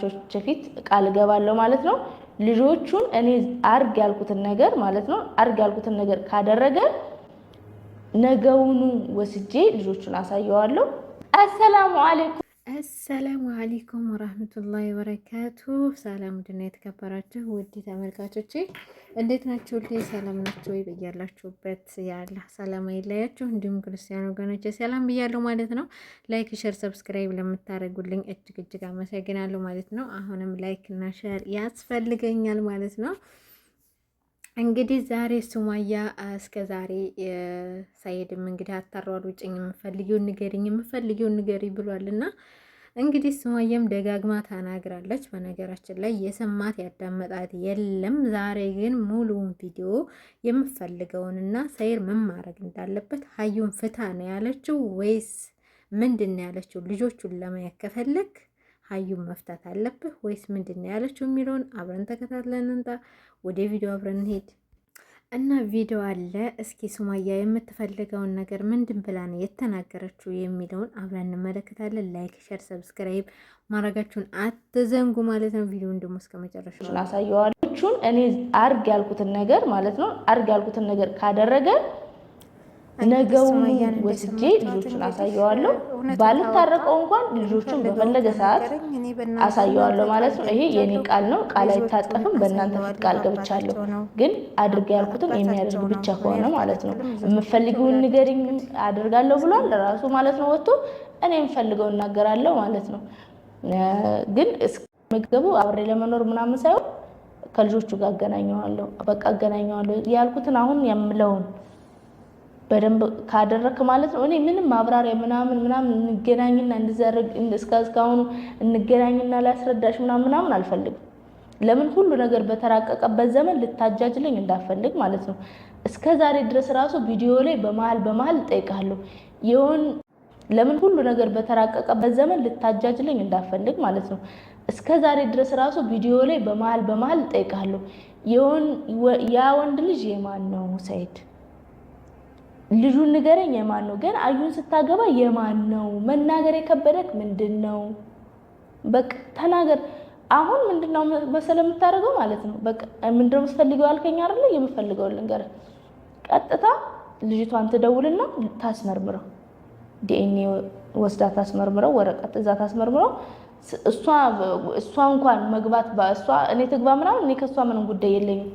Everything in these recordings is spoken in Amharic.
ልጆች ፊት ቃል እገባለሁ ማለት ነው። ልጆቹን እኔ አርግ ያልኩትን ነገር ማለት ነው አርግ ያልኩትን ነገር ካደረገ ነገውኑ ወስጄ ልጆቹን አሳየዋለሁ። አሰላሙ አለይኩም አሰላሙ አለይኩም ወራህመቱላሂ ወበረካቱ። ሰላም ድና የተከበራችሁ ውድ ተመልካቾቼ እንዴት ናችሁ? ልጅ ሰላም ናችሁ ወይ? በያላችሁበት ያለ ሰላም አይለያችሁ። እንዲሁም ክርስቲያን ወገኖቼ ሰላም ብያለሁ ማለት ነው። ላይክ፣ ሼር፣ ሰብስክራይብ ለምታደርጉልኝ እጅግ እጅግ አመሰግናለሁ ማለት ነው። አሁንም ላይክ እና ሼር ያስፈልገኛል ማለት ነው። እንግዲህ ዛሬ ሱማያ እስከ ዛሬ ሳይድም እንግዲህ አታሯል ውጭ የምፈልጊውን ንገሪኝ የምፈልጊውን ንገሪ ብሏልና እንግዲህ ሱማያም ደጋግማ ተናግራለች። በነገራችን ላይ የሰማት ያዳመጣት የለም። ዛሬ ግን ሙሉውን ቪዲዮ የምፈልገውንና ሰይር ምን ማድረግ እንዳለበት ሀዩን ፍታ ነው ያለችው ወይስ ምንድን ነው ያለችው? ልጆቹን ለማየት ከፈለግ ሀዩን መፍታት አለብህ ወይስ ምንድን ነው ያለችው የሚለውን አብረን ተከታትለን እንጣ። ወደ ቪዲዮ አብረን እንሄድ እና ቪዲዮ አለ። እስኪ ሱማያ የምትፈልገውን ነገር ምንድን ብላ ነው የተናገረችው የሚለውን አብረን እንመለከታለን። ላይክ፣ ሸር፣ ሰብስክራይብ ማድረጋችሁን አትዘንጉ ማለት ነው። ቪዲዮን ደግሞ እስከ መጨረሻ ላሳየዋለችሁን እኔ አርግ ያልኩትን ነገር ማለት ነው። አርግ ያልኩትን ነገር ካደረገ ነገውን ወስጄ ልጆችን አሳየዋለሁ። ባልታረቀው እንኳን ልጆችን በፈለገ ሰዓት አሳየዋለሁ ማለት ነው። ይሄ የኔ ቃል ነው። ቃል አይታጠፍም። በእናንተ ፊት ቃል ገብቻለሁ። ግን አድርገ ያልኩትን የሚያደርግ ብቻ ከሆነ ማለት ነው። የምፈልገውን ንገሪኝ አደርጋለሁ ብሏል ራሱ ማለት ነው። ወጥቶ እኔ የምፈልገው እናገራለሁ ማለት ነው። ግን ምግቡ አብሬ ለመኖር ምናምን ሳይሆን ከልጆቹ ጋር አገናኘዋለሁ። በቃ አገናኘዋለሁ ያልኩትን አሁን የምለውን በደንብ ካደረክ ማለት ነው። እኔ ምንም ማብራሪያ ምናምን ምናምን እንገናኝና እንዲዘረግ እስካሁኑ እንገናኝና ላስረዳሽ ምናምን ምናምን አልፈልግም። ለምን ሁሉ ነገር በተራቀቀበት ዘመን ልታጃጅለኝ እንዳፈልግ ማለት ነው። እስከ ዛሬ ድረስ ራሱ ቪዲዮ ላይ በመሀል በመሀል እጠይቃለሁ ይሆን ለምን ሁሉ ነገር በተራቀቀበት ዘመን ልታጃጅለኝ እንዳፈልግ ማለት ነው። እስከ ዛሬ ድረስ ራሱ ቪዲዮ ላይ በመሀል በመሀል እጠይቃለሁ ይሆን ያ ወንድ ልጅ የማን ነው? ሰይድ? ልጁን ንገረኝ የማን ነው? ግን አዩን ስታገባ የማን ነው? መናገር የከበደክ ምንድን ነው? በቃ ተናገር። አሁን ምንድነው መሰለ የምታደርገው ማለት ነው። በቃ ምንድነው የምትፈልገው ያልከኝ አይደለ? የምፈልገው ልንገር ቀጥታ ልጅቷን ትደውልና ታስመርምረው፣ ዲኤንኤ ወስዳ ታስመርምረው፣ ወረቀት እዛ ታስመርምረው። እሷ እሷ እንኳን መግባት እሷ እኔ ትግባ ምናምን፣ እኔ ከእሷ ምንም ጉዳይ የለኝም።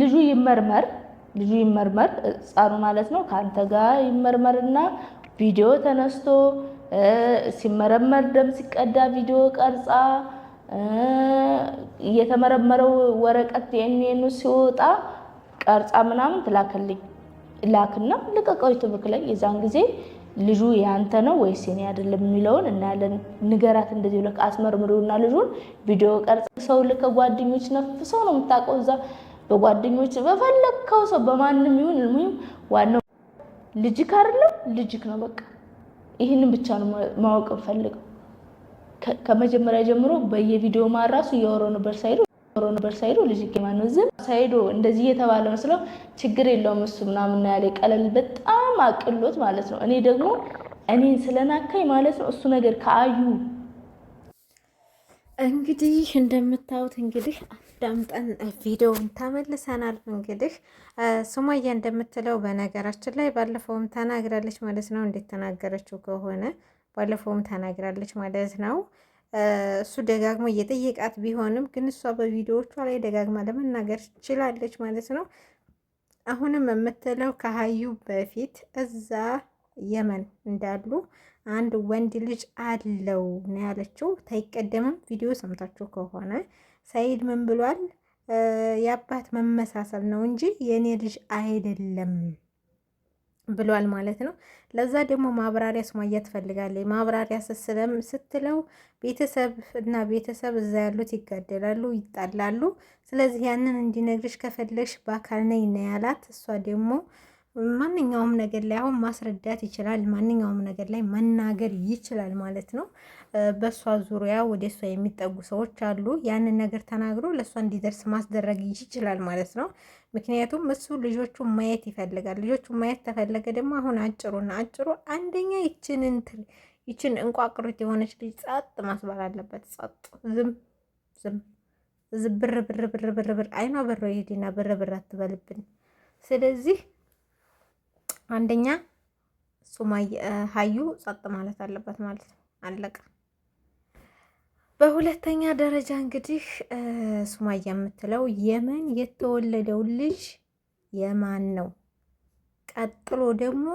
ልጁ ይመርመር ልጁ ይመርመር፣ ሕፃኑ ማለት ነው። ከአንተ ጋር ይመርመርና ቪዲዮ ተነስቶ ሲመረመር ደም ሲቀዳ ቪዲዮ ቀርጻ እየተመረመረው ወረቀት የኔኑ ሲወጣ ቀርጻ ምናምን ትላክልኝ። ላክና ልቀቀው ዩቱብክ ላይ። የዛን ጊዜ ልጁ ያንተ ነው ወይስ የኔ አይደለም የሚለውን እናያለን። ንገራት እንደዚህ ብለህ አስመርምሩና ልጁን ቪዲዮ ቀርጽ ሰው ልከ ጓደኞች ነፍሰው ነው የምታውቀው እዛ በጓደኞች በፈለግከው ሰው በማንም ይሁን ልሙ ዋናው ልጅክ አይደለም ልጅክ ነው። በቃ ይህንን ብቻ ነው ማወቅ ፈልገው ከመጀመሪያ ጀምሮ በየቪዲዮ ማራሱ እያወራሁ ነበር ሳይሉ ኖሮ ነበር ሳይዶ ልጅ ማነው ዝም ሳይዶ እንደዚህ የተባለ መስለው ችግር የለውም እሱ ምናምን ያለ ቀለል በጣም አቅሎት ማለት ነው። እኔ ደግሞ እኔን ስለናካኝ ማለት ነው እሱ ነገር ከአዩ እንግዲህ እንደምታዩት እንግዲህ ዳምጠን ቪዲዮውን ተመልሰናል። እንግዲህ ሱመያ እንደምትለው በነገራችን ላይ ባለፈውም ተናግራለች ማለት ነው። እንዴት ተናገረችው ከሆነ ባለፈውም ተናግራለች ማለት ነው። እሱ ደጋግሞ እየጠየቃት ቢሆንም ግን እሷ በቪዲዮዎቿ ላይ ደጋግማ ለመናገር ችላለች ማለት ነው። አሁንም የምትለው ከሀዩ በፊት እዛ የመን እንዳሉ አንድ ወንድ ልጅ አለው ነው ያለችው። ታይቀደምም ቪዲዮ ሰምታችሁ ከሆነ ሰይድ ምን ብሏል? የአባት መመሳሰል ነው እንጂ የእኔ ልጅ አይደለም ብሏል ማለት ነው። ለዛ ደግሞ ማብራሪያ ሱመያ ትፈልጋለች። ማብራሪያ ስስለም ስትለው ቤተሰብ እና ቤተሰብ እዛ ያሉት ይጋደላሉ፣ ይጣላሉ። ስለዚህ ያንን እንዲነግርሽ ከፈለግሽ በአካል ነይ ነው ያላት። እሷ ደግሞ ማንኛውም ነገር ላይ አሁን ማስረዳት ይችላል። ማንኛውም ነገር ላይ መናገር ይችላል ማለት ነው። በእሷ ዙሪያ ወደ እሷ የሚጠጉ ሰዎች አሉ። ያንን ነገር ተናግሮ ለእሷ እንዲደርስ ማስደረግ ይችላል ማለት ነው። ምክንያቱም እሱ ልጆቹ ማየት ይፈልጋል። ልጆቹ ማየት ተፈለገ ደግሞ አሁን አጭሩና አጭሩ አንደኛ ይችን ይችን የሆነች ልጅ ጸጥ ማስባል አለበት። ጸጥ ዝም ዝም ብር ብር ብር ብር ብር አይኗ ብር ይሄድና ብር ብር አትበልብን። ስለዚህ አንደኛ ሱማየ ሀዩ ጸጥ ማለት አለበት ማለት ነው። አለቀ። በሁለተኛ ደረጃ እንግዲህ ሱማያ የምትለው የመን የተወለደው ልጅ የማን ነው? ቀጥሎ ደግሞ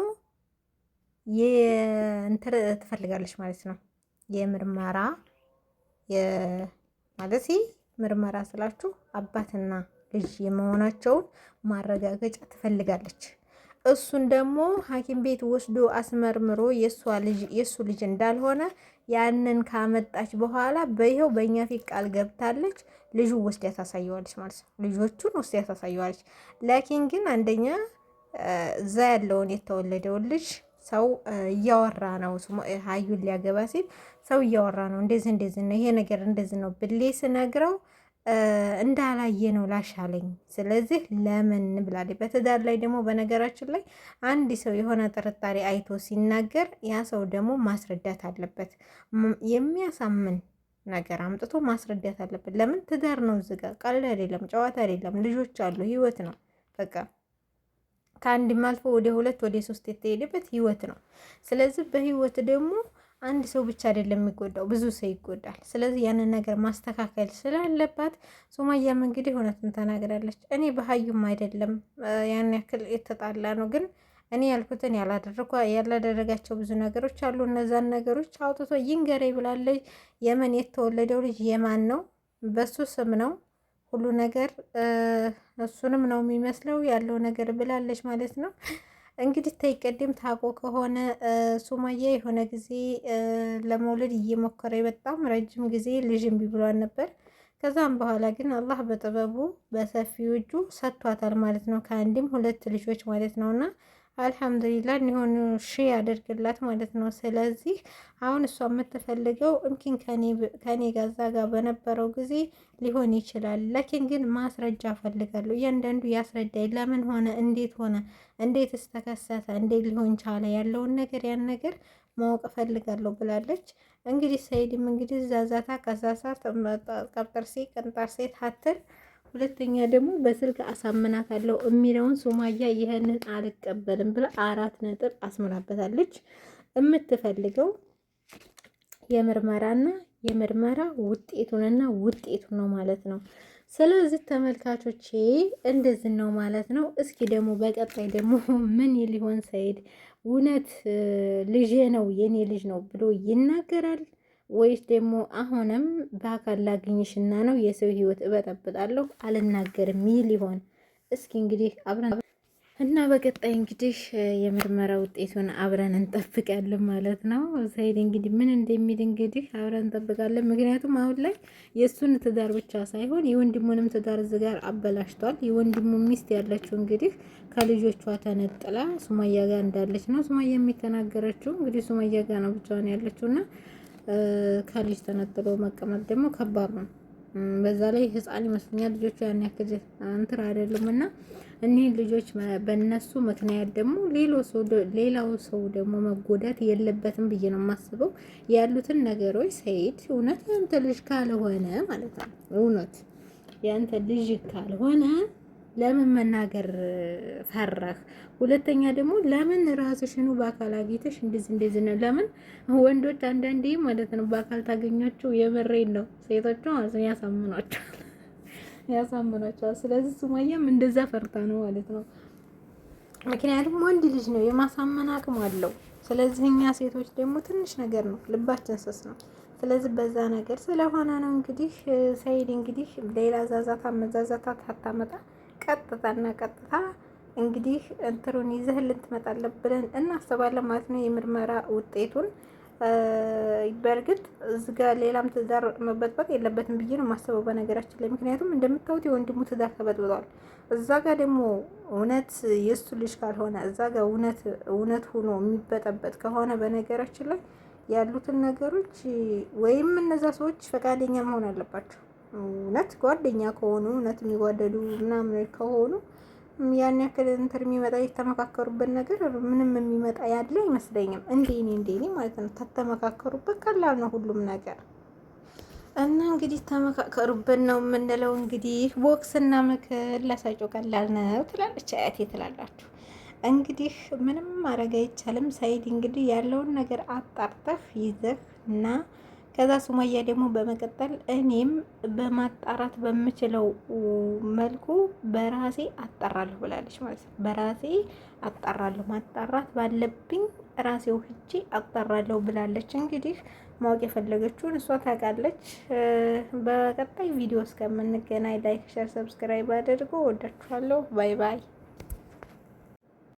የእንትን ትፈልጋለች ማለት ነው። የምርመራ ማለት ምርመራ ስላችሁ አባትና ልጅ የመሆናቸውን ማረጋገጫ ትፈልጋለች። እሱን ደግሞ ሐኪም ቤት ወስዶ አስመርምሮ የእሱ ልጅ እንዳልሆነ ያንን ካመጣች በኋላ በይኸው በእኛ ፊት ቃል ገብታለች። ልጁ ወስዳ ያሳሳየዋለች ማለት ነው። ልጆቹን ወስዳ ያሳሳየዋለች። ላኪን ግን አንደኛ እዛ ያለውን የተወለደውን ልጅ ሰው እያወራ ነው። ሀዩን ሊያገባ ሲል ሰው እያወራ ነው። እንደዚህ እንደዚህ ነው ይሄ ነገር እንደዚህ ነው ብሌ ስነግረው እንዳላየ ነው ላሻለኝ። ስለዚህ ለምን ብላለች። በትዳር ላይ ደግሞ በነገራችን ላይ አንድ ሰው የሆነ ጥርጣሬ አይቶ ሲናገር ያ ሰው ደግሞ ማስረዳት አለበት። የሚያሳምን ነገር አምጥቶ ማስረዳት አለበት። ለምን ትዳር ነው፣ እዚህ ጋር ቀልድ አይደለም፣ ጨዋታ አይደለም። ልጆች አሉ፣ ህይወት ነው። በቃ ከአንድም አልፎ ወደ ሁለት ወደ ሶስት የተሄደበት ህይወት ነው። ስለዚህ በህይወት ደግሞ አንድ ሰው ብቻ አይደለም የሚጎዳው፣ ብዙ ሰው ይጎዳል። ስለዚህ ያንን ነገር ማስተካከል ስላለባት ሶማያም እንግዲህ እውነትን ተናግራለች። እኔ በሀዩም አይደለም ያን ያክል የተጣላ ነው፣ ግን እኔ ያልኩትን ያላደረጋቸው ብዙ ነገሮች አሉ። እነዛን ነገሮች አውጥቶ ይንገሬ ብላለች። የመን የተወለደው ልጅ የማን ነው? በሱ ስም ነው ሁሉ ነገር እሱንም ነው የሚመስለው ያለው ነገር ብላለች ማለት ነው። እንግዲህ ተይቀድም ታቆ ከሆነ ሱማያ የሆነ ጊዜ ለመውለድ እየሞከረ በጣም ረጅም ጊዜ ልጅ እምቢ ብሏል ነበር። ከዛም በኋላ ግን አላህ በጥበቡ በሰፊው እጁ ሰጥቷታል ማለት ነው። ከአንድም ሁለት ልጆች ማለት ነውና አልሐምዱሊላ እንዲሆን ሺ ያደርግላት ማለት ነው። ስለዚህ አሁን እሷ የምትፈልገው እምኪን ከኔ ጋዛ ጋር በነበረው ጊዜ ሊሆን ይችላል። ለኪን ግን ማስረጃ ፈልጋለሁ። እያንዳንዱ ያስረዳኝ ለምን ሆነ፣ እንዴት ሆነ፣ እንዴት እስተከሰተ፣ እንዴት ሊሆን ቻለ ያለውን ነገር ያን ነገር ማወቅ ፈልጋለሁ ብላለች። እንግዲህ ሰይድም እንግዲህ ዛዛታ ቀዛሳ ቀብጠርሴ ቅንጣርሴ ታትል ሁለተኛ ደግሞ በስልክ አሳምናታለሁ የሚለውን ሱማያ ይህንን አልቀበልም ብላ አራት ነጥብ አስምራበታለች። የምትፈልገው የምርመራና የምርመራ ውጤቱንና ውጤቱን ነው ማለት ነው። ስለዚህ ተመልካቾቼ እንደዚህ ነው ማለት ነው። እስኪ ደግሞ በቀጣይ ደግሞ ምን ሊሆን ሰኢድ እውነት ልጄ ነው የኔ ልጅ ነው ብሎ ይናገራል? ወይስ ደግሞ አሁንም በአካል ላገኝሽና ነው የሰው ህይወት እበጠብጣለሁ አልናገርም ይል ይሆን? እስኪ እንግዲህ አብረን እና በቀጣይ እንግዲህ የምርመራ ውጤቱን አብረን እንጠብቃለን ማለት ነው። ሰኢድ እንግዲህ ምን እንደሚል እንግዲህ አብረን እንጠብቃለን። ምክንያቱም አሁን ላይ የእሱን ትዳር ብቻ ሳይሆን የወንድሙንም ትዳር እዚህ ጋር አበላሽቷል። የወንድሙ ሚስት ያለችው እንግዲህ ከልጆቿ ተነጥላ ሱማያ ጋር እንዳለች ነው ሱማያ የሚተናገረችው። እንግዲህ ሱማያ ጋር ነው ብቻዋን ያለችውና ከልጅ ተነጥሎ መቀመጥ ደግሞ ከባድ ነው። በዛ ላይ ህፃን ይመስለኛል ልጆቹ ያን ያክል እንትን አይደሉም እና እኒህ ልጆች በእነሱ ምክንያት ደግሞ ሌላው ሰው ደግሞ መጎዳት የለበትም ብዬ ነው የማስበው። ያሉትን ነገሮች ሰይድ እውነት ያንተ ልጅ ካልሆነ ማለት ነው እውነት ያንተ ልጅ ካልሆነ ለምን መናገር ፈራህ? ሁለተኛ ደግሞ ለምን ራስሽኑ በአካል አግኝተሽ እንደዚህ እንደዚህ ነው? ለምን ወንዶች አንዳንዴ ማለት ነው በአካል ታገኛቸው የምሬን ነው ሴቶቹ አዝን ያሳምኗቸዋል፣ ያሳምኗቸዋል። ስለዚህ ሱማያም እንደዛ ፈርታ ነው ማለት ነው። ምክንያቱም ወንድ ልጅ ነው የማሳመን አቅም አለው። ስለዚህ እኛ ሴቶች ደግሞ ትንሽ ነገር ነው ልባችን ስስ ነው። ስለዚህ በዛ ነገር ስለሆነ ነው እንግዲህ ሰይድ እንግዲህ ሌላ ዛዛታ መዛዛታ ታታመጣ ቀጥታና ቀጥታ እንግዲህ እንትሩን ይዘህልን ትመጣለን ብለን እናስባለን ማለት ነው። የምርመራ ውጤቱን በእርግጥ እዚጋ ሌላም ትዳር መበጥበጥ የለበትም ብዬ ነው የማስበው በነገራችን ላይ ምክንያቱም እንደምታዩት የወንድሙ ትዳር ተበጥብጧል። እዛ ጋ ደግሞ እውነት የእሱ ልጅ ካልሆነ እዛ ጋ እውነት እውነት ሆኖ የሚበጠበጥ ከሆነ በነገራችን ላይ ያሉትን ነገሮች ወይም እነዛ ሰዎች ፈቃደኛ መሆን አለባቸው እውነት ጓደኛ ከሆኑ እውነት የሚጓደዱ ምናምን ከሆኑ ያን ያክል እንትር የሚመጣ የተመካከሩበት ነገር ምንም የሚመጣ ያለ አይመስለኝም። እንዴኔ እንዴኔ ማለት ነው። ተተመካከሩበት ቀላል ነው ሁሉም ነገር እና እንግዲህ ተመካከሩበት ነው የምንለው። እንግዲህ ቦክስና ምክር ላሳጨው ቀላል ነው ትላለች አያቴ ትላላችሁ። እንግዲህ ምንም ማድረግ አይቻልም። ሳይድ እንግዲህ ያለውን ነገር አጣርተህ ይዘህ እና ከዛ ሱመያ ደግሞ በመቀጠል እኔም በማጣራት በምችለው መልኩ በራሴ አጣራለሁ ብላለች ማለት ነው። በራሴ አጣራለሁ ማጣራት ባለብኝ ራሴው ህጂ አጣራለሁ ብላለች። እንግዲህ ማወቅ የፈለገችውን እሷ ታውቃለች። በቀጣይ ቪዲዮ እስከምንገናኝ ላይክ፣ ሸር፣ ሰብስክራይብ አድርጎ ወዳችኋለሁ። ባይ ባይ።